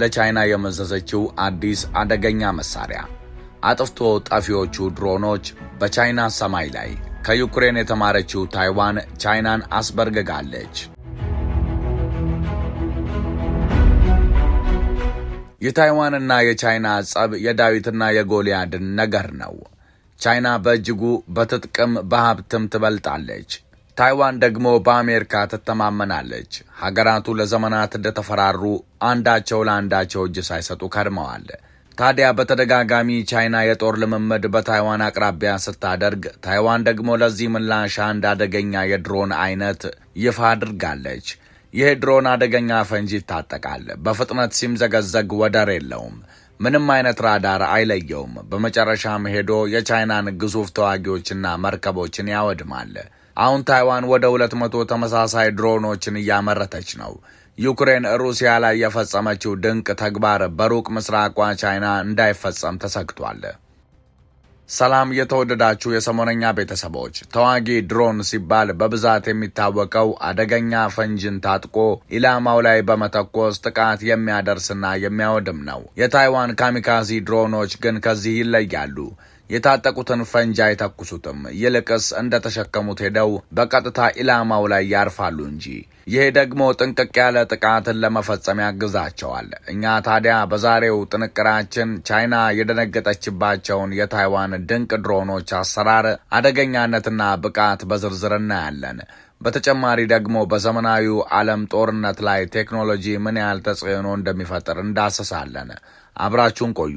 ለቻይና የመዘዘችው አዲስ አደገኛ መሳሪያ አጥፍቶ ጠፊዎቹ ድሮኖች በቻይና ሰማይ ላይ ከዩክሬን የተማረችው ታይዋን ቻይናን አስበርግጋለች። የታይዋንና የቻይና ጸብ የዳዊትና የጎልያድን ነገር ነው። ቻይና በእጅጉ በትጥቅም በሀብትም ትበልጣለች። ታይዋን ደግሞ በአሜሪካ ትተማመናለች። ሀገራቱ ለዘመናት እንደተፈራሩ አንዳቸው ለአንዳቸው እጅ ሳይሰጡ ከድመዋል። ታዲያ በተደጋጋሚ ቻይና የጦር ልምምድ በታይዋን አቅራቢያ ስታደርግ፣ ታይዋን ደግሞ ለዚህ ምላሽ አንድ አደገኛ የድሮን አይነት ይፋ አድርጋለች። ይህ ድሮን አደገኛ ፈንጂ ይታጠቃል፣ በፍጥነት ሲምዘገዘግ ወደር የለውም። ምንም አይነት ራዳር አይለየውም። በመጨረሻም ሄዶ የቻይናን ግዙፍ ተዋጊዎችና መርከቦችን ያወድማል። አሁን ታይዋን ወደ ሁለት መቶ ተመሳሳይ ድሮኖችን እያመረተች ነው። ዩክሬን ሩሲያ ላይ የፈጸመችው ድንቅ ተግባር በሩቅ ምስራቋ ቻይና እንዳይፈጸም ተሰግቷል። ሰላም የተወደዳችሁ የሰሞነኛ ቤተሰቦች፣ ተዋጊ ድሮን ሲባል በብዛት የሚታወቀው አደገኛ ፈንጅን ታጥቆ ኢላማው ላይ በመተኮስ ጥቃት የሚያደርስና የሚያወድም ነው። የታይዋን ካሚካዚ ድሮኖች ግን ከዚህ ይለያሉ። የታጠቁትን ፈንጂ አይተኩሱትም። ይልቅስ እንደተሸከሙት ሄደው በቀጥታ ኢላማው ላይ ያርፋሉ እንጂ። ይሄ ደግሞ ጥንቅቅ ያለ ጥቃትን ለመፈጸም ያግዛቸዋል። እኛ ታዲያ በዛሬው ጥንቅራችን ቻይና የደነገጠችባቸውን የታይዋን ድንቅ ድሮኖች አሰራር አደገኛነትና ብቃት በዝርዝር እናያለን። በተጨማሪ ደግሞ በዘመናዊው ዓለም ጦርነት ላይ ቴክኖሎጂ ምን ያህል ተጽዕኖ እንደሚፈጥር እንዳስሳለን። አብራችሁን ቆዩ።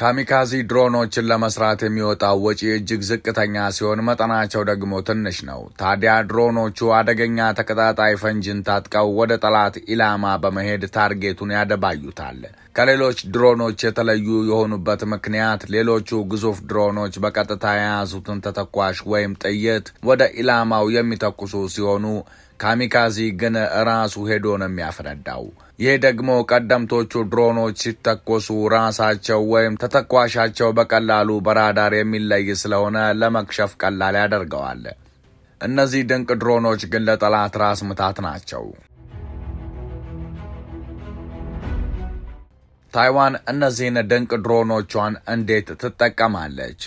ካሚካዚ ድሮኖችን ለመስራት የሚወጣው ወጪ እጅግ ዝቅተኛ ሲሆን መጠናቸው ደግሞ ትንሽ ነው። ታዲያ ድሮኖቹ አደገኛ ተቀጣጣይ ፈንጅን ታጥቀው ወደ ጠላት ኢላማ በመሄድ ታርጌቱን ያደባዩታል። ከሌሎች ድሮኖች የተለዩ የሆኑበት ምክንያት ሌሎቹ ግዙፍ ድሮኖች በቀጥታ የያዙትን ተተኳሽ ወይም ጥይት ወደ ኢላማው የሚተኩሱ ሲሆኑ ካሚካዚ ግን ራሱ ሄዶ ነው የሚያፈነዳው። ይህ ደግሞ ቀደምቶቹ ድሮኖች ሲተኮሱ ራሳቸው ወይም ተተኳሻቸው በቀላሉ በራዳር የሚለይ ስለሆነ ለመክሸፍ ቀላል ያደርገዋል። እነዚህ ድንቅ ድሮኖች ግን ለጠላት ራስ ምታት ናቸው። ታይዋን እነዚህን ድንቅ ድሮኖቿን እንዴት ትጠቀማለች?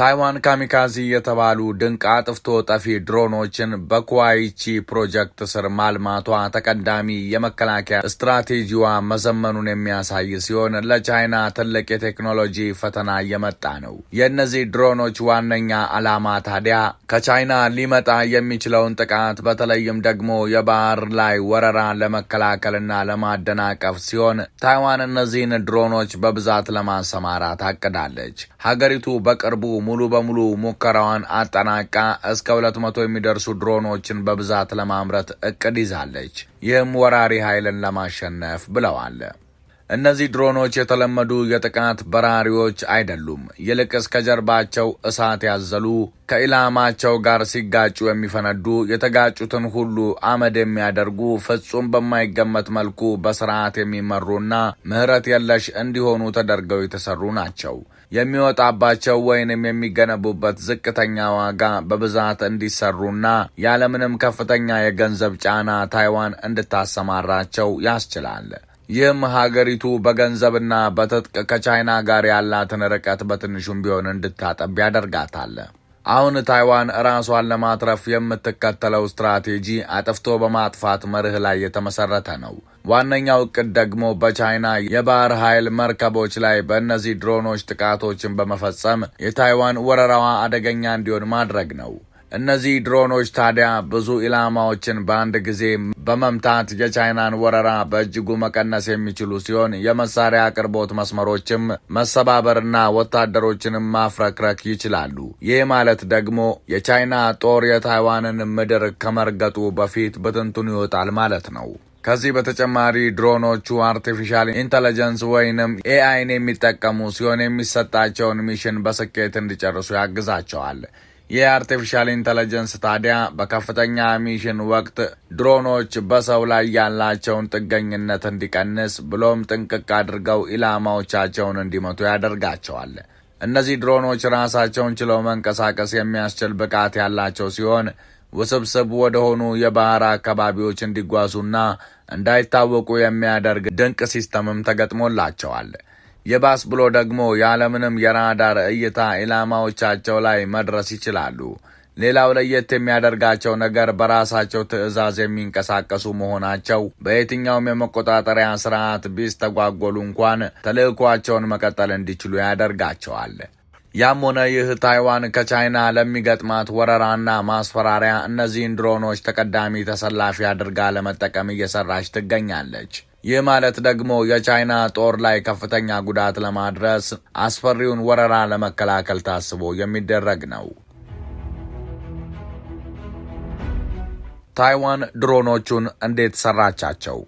ታይዋን ካሚካዚ የተባሉ ድንቅ አጥፍቶ ጠፊ ድሮኖችን በኩዋይቺ ፕሮጀክት ስር ማልማቷ ተቀዳሚ የመከላከያ ስትራቴጂዋ መዘመኑን የሚያሳይ ሲሆን ለቻይና ትልቅ የቴክኖሎጂ ፈተና እየመጣ ነው። የእነዚህ ድሮኖች ዋነኛ ዓላማ ታዲያ ከቻይና ሊመጣ የሚችለውን ጥቃት በተለይም ደግሞ የባህር ላይ ወረራ ለመከላከልና ለማደናቀፍ ሲሆን ታይዋን እነዚህን ድሮኖች በብዛት ለማሰማራት አቅዳለች። ሀገሪቱ በቅርቡ ሙሉ በሙሉ ሙከራዋን አጠናቃ እስከ 200 የሚደርሱ ድሮኖችን በብዛት ለማምረት እቅድ ይዛለች። ይህም ወራሪ ኃይልን ለማሸነፍ ብለዋል። እነዚህ ድሮኖች የተለመዱ የጥቃት በራሪዎች አይደሉም። እስከ ከጀርባቸው እሳት ያዘሉ ከኢላማቸው ጋር ሲጋጩ የሚፈነዱ የተጋጩትን ሁሉ አመድ የሚያደርጉ ፍጹም በማይገመት መልኩ በስርዓት የሚመሩና ምህረት የለሽ እንዲሆኑ ተደርገው የተሰሩ ናቸው። የሚወጣባቸው ወይንም የሚገነቡበት ዝቅተኛ ዋጋ በብዛት እንዲሰሩና ያለምንም ከፍተኛ የገንዘብ ጫና ታይዋን እንድታሰማራቸው ያስችላል። ይህም ሀገሪቱ በገንዘብና በትጥቅ ከቻይና ጋር ያላትን ርቀት በትንሹም ቢሆን እንድታጠብ ያደርጋታል። አሁን ታይዋን ራሷን ለማትረፍ የምትከተለው ስትራቴጂ አጥፍቶ በማጥፋት መርህ ላይ የተመሰረተ ነው። ዋነኛው እቅድ ደግሞ በቻይና የባህር ኃይል መርከቦች ላይ በእነዚህ ድሮኖች ጥቃቶችን በመፈጸም የታይዋን ወረራዋ አደገኛ እንዲሆን ማድረግ ነው። እነዚህ ድሮኖች ታዲያ ብዙ ኢላማዎችን በአንድ ጊዜ በመምታት የቻይናን ወረራ በእጅጉ መቀነስ የሚችሉ ሲሆን የመሳሪያ አቅርቦት መስመሮችም መሰባበርና ወታደሮችንም ማፍረክረክ ይችላሉ። ይህ ማለት ደግሞ የቻይና ጦር የታይዋንን ምድር ከመርገጡ በፊት ብትንቱን ይወጣል ማለት ነው። ከዚህ በተጨማሪ ድሮኖቹ አርቲፊሻል ኢንተለጀንስ ወይንም ኤአይን የሚጠቀሙ ሲሆን የሚሰጣቸውን ሚሽን በስኬት እንዲጨርሱ ያግዛቸዋል። የአርቲፊሻል ኢንተለጀንስ ታዲያ በከፍተኛ ሚሽን ወቅት ድሮኖች በሰው ላይ ያላቸውን ጥገኝነት እንዲቀንስ ብሎም ጥንቅቅ አድርገው ኢላማዎቻቸውን እንዲመቱ ያደርጋቸዋል። እነዚህ ድሮኖች ራሳቸውን ችለው መንቀሳቀስ የሚያስችል ብቃት ያላቸው ሲሆን ውስብስብ ወደሆኑ የባህር አካባቢዎች እንዲጓዙና እንዳይታወቁ የሚያደርግ ድንቅ ሲስተምም ተገጥሞላቸዋል። የባስ ብሎ ደግሞ ያለምንም የራዳር እይታ ኢላማዎቻቸው ላይ መድረስ ይችላሉ። ሌላው ለየት የሚያደርጋቸው ነገር በራሳቸው ትዕዛዝ የሚንቀሳቀሱ መሆናቸው በየትኛውም የመቆጣጠሪያ ስርዓት ቢስተጓጎሉ እንኳን ተልዕኳቸውን መቀጠል እንዲችሉ ያደርጋቸዋል። ያም ሆነ ይህ ታይዋን ከቻይና ለሚገጥማት ወረራና ማስፈራሪያ እነዚህን ድሮኖች ተቀዳሚ ተሰላፊ አድርጋ ለመጠቀም እየሰራች ትገኛለች። ይህ ማለት ደግሞ የቻይና ጦር ላይ ከፍተኛ ጉዳት ለማድረስ አስፈሪውን ወረራ ለመከላከል ታስቦ የሚደረግ ነው። ታይዋን ድሮኖቹን እንዴት ሰራቻቸው?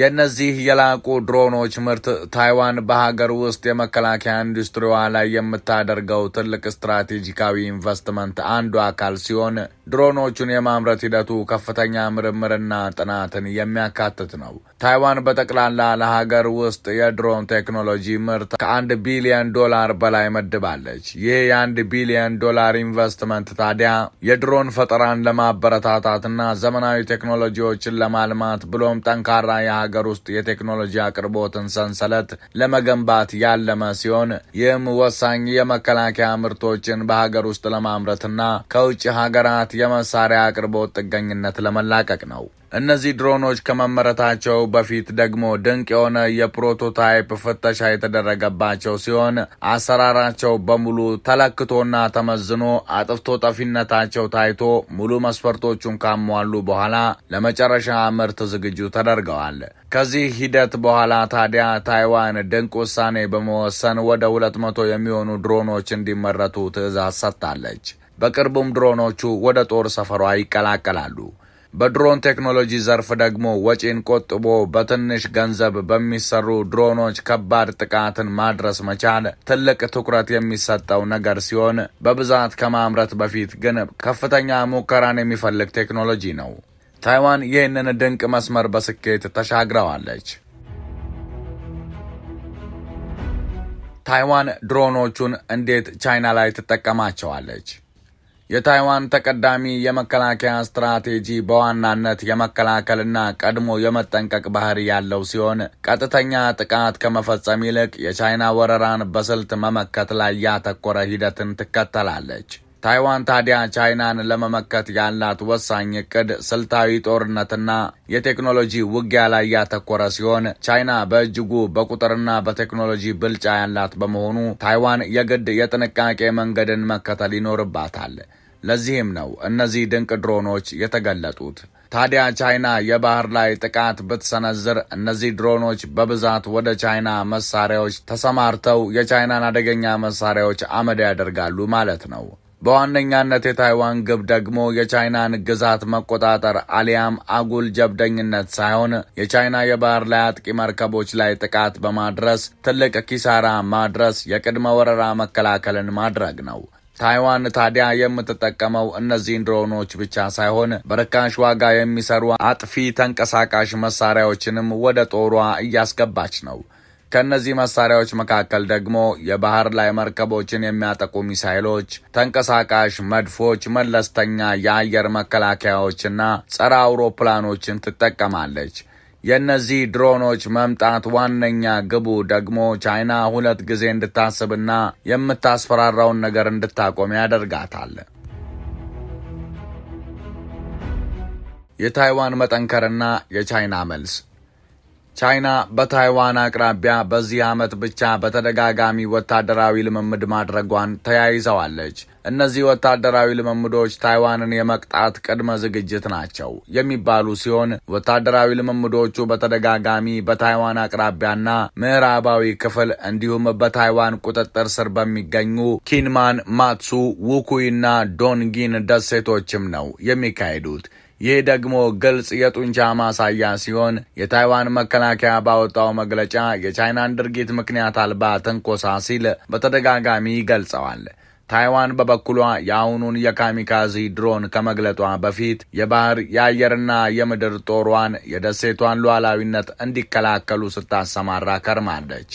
የእነዚህ የላቁ ድሮኖች ምርት ታይዋን በሀገር ውስጥ የመከላከያ ኢንዱስትሪዋ ላይ የምታደርገው ትልቅ ስትራቴጂካዊ ኢንቨስትመንት አንዱ አካል ሲሆን ድሮኖቹን የማምረት ሂደቱ ከፍተኛ ምርምርና ጥናትን የሚያካትት ነው። ታይዋን በጠቅላላ ለሀገር ውስጥ የድሮን ቴክኖሎጂ ምርት ከአንድ ቢሊዮን ዶላር በላይ መድባለች። ይህ የአንድ ቢሊዮን ዶላር ኢንቨስትመንት ታዲያ የድሮን ፈጠራን ለማበረታታትና ዘመናዊ ቴክኖሎጂዎችን ለማልማት ብሎም ጠንካራ የሀገር ውስጥ የቴክኖሎጂ አቅርቦትን ሰንሰለት ለመገንባት ያለመ ሲሆን ይህም ወሳኝ የመከላከያ ምርቶችን በሀገር ውስጥ ለማምረትና ከውጭ ሀገራት የመሳሪያ አቅርቦት ጥገኝነት ለመላቀቅ ነው። እነዚህ ድሮኖች ከመመረታቸው በፊት ደግሞ ድንቅ የሆነ የፕሮቶታይፕ ፍተሻ የተደረገባቸው ሲሆን አሰራራቸው በሙሉ ተለክቶና ተመዝኖ አጥፍቶ ጠፊነታቸው ታይቶ ሙሉ መስፈርቶቹን ካሟሉ በኋላ ለመጨረሻ ምርት ዝግጁ ተደርገዋል። ከዚህ ሂደት በኋላ ታዲያ ታይዋን ድንቅ ውሳኔ በመወሰን ወደ ሁለት መቶ የሚሆኑ ድሮኖች እንዲመረቱ ትዕዛዝ ሰጥታለች። በቅርቡም ድሮኖቹ ወደ ጦር ሰፈሯ ይቀላቀላሉ። በድሮን ቴክኖሎጂ ዘርፍ ደግሞ ወጪን ቆጥቦ በትንሽ ገንዘብ በሚሰሩ ድሮኖች ከባድ ጥቃትን ማድረስ መቻል ትልቅ ትኩረት የሚሰጠው ነገር ሲሆን በብዛት ከማምረት በፊት ግን ከፍተኛ ሙከራን የሚፈልግ ቴክኖሎጂ ነው። ታይዋን ይህንን ድንቅ መስመር በስኬት ተሻግረዋለች። ታይዋን ድሮኖቹን እንዴት ቻይና ላይ ትጠቀማቸዋለች? የታይዋን ተቀዳሚ የመከላከያ ስትራቴጂ በዋናነት የመከላከልና ቀድሞ የመጠንቀቅ ባህሪ ያለው ሲሆን ቀጥተኛ ጥቃት ከመፈጸም ይልቅ የቻይና ወረራን በስልት መመከት ላይ ያተኮረ ሂደትን ትከተላለች። ታይዋን ታዲያ ቻይናን ለመመከት ያላት ወሳኝ እቅድ ስልታዊ ጦርነትና የቴክኖሎጂ ውጊያ ላይ ያተኮረ ሲሆን ቻይና በእጅጉ በቁጥርና በቴክኖሎጂ ብልጫ ያላት በመሆኑ ታይዋን የግድ የጥንቃቄ መንገድን መከተል ይኖርባታል። ለዚህም ነው እነዚህ ድንቅ ድሮኖች የተገለጡት። ታዲያ ቻይና የባህር ላይ ጥቃት ብትሰነዝር እነዚህ ድሮኖች በብዛት ወደ ቻይና መሳሪያዎች ተሰማርተው የቻይናን አደገኛ መሳሪያዎች አመድ ያደርጋሉ ማለት ነው። በዋነኛነት የታይዋን ግብ ደግሞ የቻይናን ግዛት መቆጣጠር አሊያም አጉል ጀብደኝነት ሳይሆን የቻይና የባህር ላይ አጥቂ መርከቦች ላይ ጥቃት በማድረስ ትልቅ ኪሳራ ማድረስ፣ የቅድመ ወረራ መከላከልን ማድረግ ነው። ታይዋን ታዲያ የምትጠቀመው እነዚህን ድሮኖች ብቻ ሳይሆን በርካሽ ዋጋ የሚሰሩ አጥፊ ተንቀሳቃሽ መሳሪያዎችንም ወደ ጦሯ እያስገባች ነው። ከእነዚህ መሳሪያዎች መካከል ደግሞ የባህር ላይ መርከቦችን የሚያጠቁ ሚሳይሎች፣ ተንቀሳቃሽ መድፎች፣ መለስተኛ የአየር መከላከያዎችና ጸረ አውሮፕላኖችን ትጠቀማለች። የእነዚህ ድሮኖች መምጣት ዋነኛ ግቡ ደግሞ ቻይና ሁለት ጊዜ እንድታስብና የምታስፈራራውን ነገር እንድታቆም ያደርጋታል። የታይዋን መጠንከርና የቻይና መልስ ቻይና በታይዋን አቅራቢያ በዚህ ዓመት ብቻ በተደጋጋሚ ወታደራዊ ልምምድ ማድረጓን ተያይዘዋለች። እነዚህ ወታደራዊ ልምምዶች ታይዋንን የመቅጣት ቅድመ ዝግጅት ናቸው የሚባሉ ሲሆን ወታደራዊ ልምምዶቹ በተደጋጋሚ በታይዋን አቅራቢያና ምዕራባዊ ክፍል እንዲሁም በታይዋን ቁጥጥር ስር በሚገኙ ኪንማን፣ ማትሱ፣ ውኩይና ዶንጊን ደሴቶችም ነው የሚካሄዱት። ይህ ደግሞ ግልጽ የጡንቻ ማሳያ ሲሆን የታይዋን መከላከያ ባወጣው መግለጫ የቻይናን ድርጊት ምክንያት አልባ ትንኮሳ ሲል በተደጋጋሚ ገልጸዋል። ታይዋን በበኩሏ የአሁኑን የካሚካዚ ድሮን ከመግለጧ በፊት የባህር የአየርና የምድር ጦሯን የደሴቷን ሉዓላዊነት እንዲከላከሉ ስታሰማራ ከርማለች።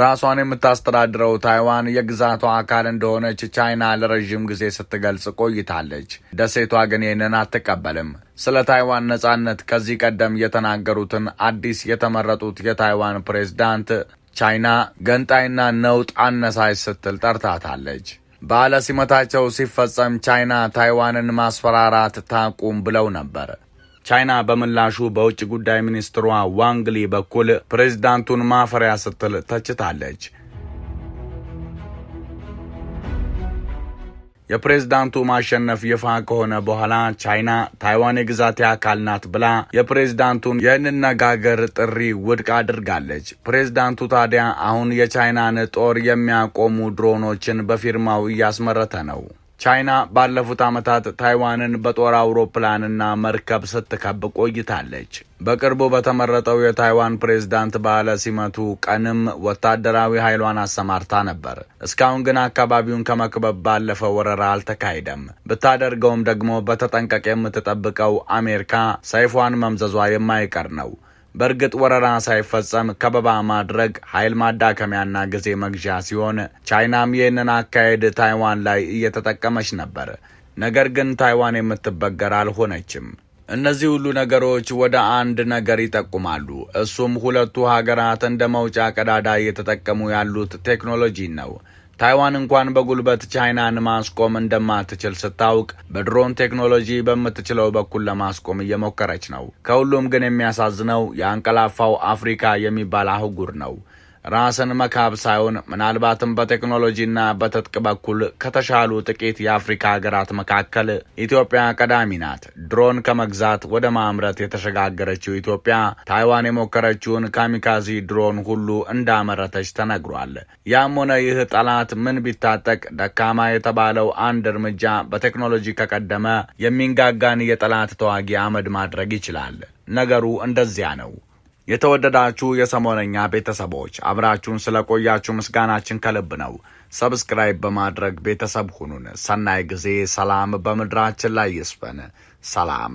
ራሷን የምታስተዳድረው ታይዋን የግዛቷ አካል እንደሆነች ቻይና ለረዥም ጊዜ ስትገልጽ ቆይታለች። ደሴቷ ግን ይህንን አትቀበልም። ስለ ታይዋን ነጻነት ከዚህ ቀደም የተናገሩትን አዲስ የተመረጡት የታይዋን ፕሬዝዳንት ቻይና ገንጣይና ነውጥ አነሳሽ ስትል ጠርታታለች። በዓለ ሲመታቸው ሲፈጸም ቻይና ታይዋንን ማስፈራራት ታቁም ብለው ነበር። ቻይና በምላሹ በውጭ ጉዳይ ሚኒስትሯ ዋንግሊ በኩል ፕሬዚዳንቱን ማፈሪያ ስትል ተችታለች። የፕሬዝዳንቱ ማሸነፍ ይፋ ከሆነ በኋላ ቻይና ታይዋን የግዛቴ አካል ናት ብላ የፕሬዝዳንቱን የንነጋገር ጥሪ ውድቅ አድርጋለች። ፕሬዝዳንቱ ታዲያ አሁን የቻይናን ጦር የሚያቆሙ ድሮኖችን በፊርማው እያስመረተ ነው። ቻይና ባለፉት ዓመታት ታይዋንን በጦር አውሮፕላንና መርከብ ስትከብ ቆይታለች። በቅርቡ በተመረጠው የታይዋን ፕሬዝዳንት በዓለ ሲመቱ ቀንም ወታደራዊ ኃይሏን አሰማርታ ነበር። እስካሁን ግን አካባቢውን ከመክበብ ባለፈ ወረራ አልተካሄደም። ብታደርገውም ደግሞ በተጠንቀቅ የምትጠብቀው አሜሪካ ሰይፏን መምዘዟ የማይቀር ነው። በእርግጥ ወረራ ሳይፈጸም ከበባ ማድረግ ኃይል ማዳከሚያና ጊዜ መግዣ ሲሆን ቻይናም ይህንን አካሄድ ታይዋን ላይ እየተጠቀመች ነበር። ነገር ግን ታይዋን የምትበገር አልሆነችም። እነዚህ ሁሉ ነገሮች ወደ አንድ ነገር ይጠቁማሉ። እሱም ሁለቱ ሀገራት እንደ መውጫ ቀዳዳ እየተጠቀሙ ያሉት ቴክኖሎጂን ነው። ታይዋን እንኳን በጉልበት ቻይናን ማስቆም እንደማትችል ስታውቅ በድሮን ቴክኖሎጂ በምትችለው በኩል ለማስቆም እየሞከረች ነው። ከሁሉም ግን የሚያሳዝነው የአንቀላፋው አፍሪካ የሚባል አህጉር ነው። ራስን መካብ ሳይሆን ምናልባትም በቴክኖሎጂና በትጥቅ በኩል ከተሻሉ ጥቂት የአፍሪካ ሀገራት መካከል ኢትዮጵያ ቀዳሚ ናት። ድሮን ከመግዛት ወደ ማምረት የተሸጋገረችው ኢትዮጵያ ታይዋን የሞከረችውን ካሚካዚ ድሮን ሁሉ እንዳመረተች ተነግሯል። ያም ሆነ ይህ ጠላት ምን ቢታጠቅ ደካማ የተባለው አንድ እርምጃ በቴክኖሎጂ ከቀደመ የሚንጋጋን የጠላት ተዋጊ አመድ ማድረግ ይችላል። ነገሩ እንደዚያ ነው። የተወደዳችሁ የሰሞነኛ ቤተሰቦች አብራችሁን ስለቆያችሁ ምስጋናችን ከልብ ነው። ሰብስክራይብ በማድረግ ቤተሰብ ሁኑን። ሰናይ ጊዜ። ሰላም በምድራችን ላይ ይስፈን። ሰላም